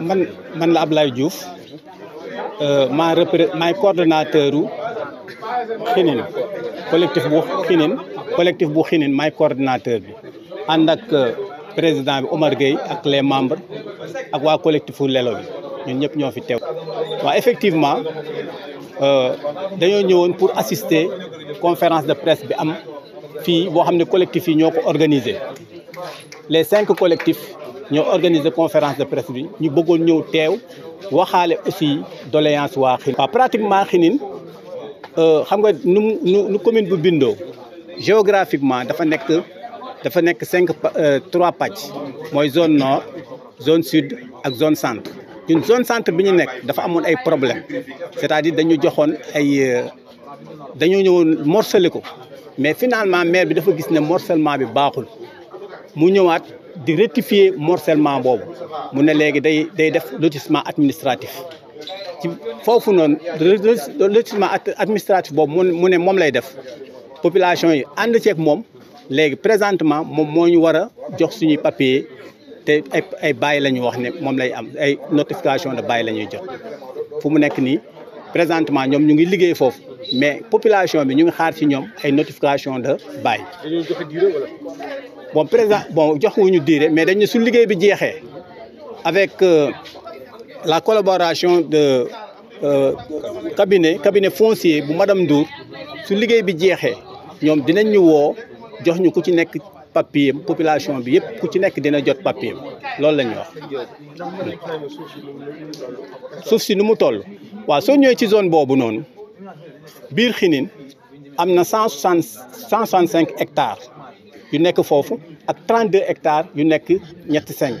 man man la Ablaye Diouf maa euh, ma collectif bu Xinin collectif bu Xinin ma coordinateur. bi and ak euh, président bi Omar Gay, ak les membres ak wa collectif Lelo bi ñun ñep ñoo fi teew. waaw effectivement euh, dañu ñëwone pour assister conférence de presse bi am fi collectifs xamné collectif yi ñoko organiser les cinq collectifs. ñoo organiser conférence de presse bi ñu bëggoon ñëw teew waxaale aussi doléance waa Xinin. waaw pratiquement Xinin euh, xam nga nu commune bu bindoo géographiquement dafa nekk dafa nekk cinq euh, trois pàcc mooy zone nord zone sud ak zone centre ñun zone centre bi ñu nekk dafa amoon ay problème c'est-à-dire dañu joxoon ay euh, dañoo ñëwoon morcelé ko mais finalement maire bi dafa gis ne morcellement bi baaxul mu ñëwaat. di rectifier morcellement boobu mu ne léegi day day def lotissement administratif ci foofu noonu lotissement administratif boobu mu ne moom lay def population yi ànd ceeg moom léegi présentement moom moo ñu war a jox suñuy papier te ay ay bàyyi la ñu wax ne moom lay am ay notification de bàyyi la ñuy jot fu mu nekk nii présentement ñoom ñu ngi liggéey foofu mais population bi ñu ngi xaar ci ñoom ay notification de bàyyi bon président bon joxuñu mais su bi avec euh, la collaboration de euh, cabinet cabinet foncier madame Ndour su bi dinañ ñu ku papier population bi yépp ku ci papier loolu wax si toll ci hectares yu nekk foofu ak 32 hectares yu nekk ñetti seng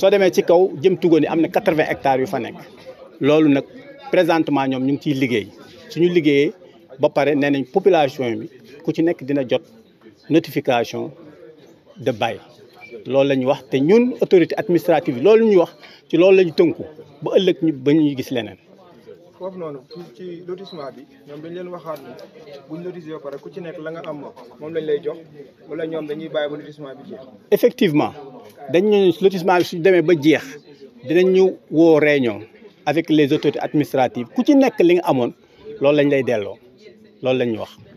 soo demee ci kaw jëm Tugoni am na 80 hectares yu fa nekk loolu nag présentement ñoom ñu ngi ciy liggéey suñu liggéeyee ba pare nee nañ population bi ku ci nekk dina jot notification de bay loolu la ñu wax te ñun autorité administrative yi loolu ñu wax ci loolu la ñu tënku ba ëllëg ñu ba ñuy gis leneen foofu noonu ci ci lotissement bi ñoom dañ leen waxaat ni buñ lotissé ba pare ku ci nekk la nga am moom lañ lay jox wala ñoom dañuy bàyyi ba lotissement bi jeex. effectivement dañ ñu lotissement bi suñ demee ba jeex dinañ ñu woo réunion avec les autorités administratives ku ci nekk li nga amoon loolu lañ lay delloo loolu lañ ñu wax.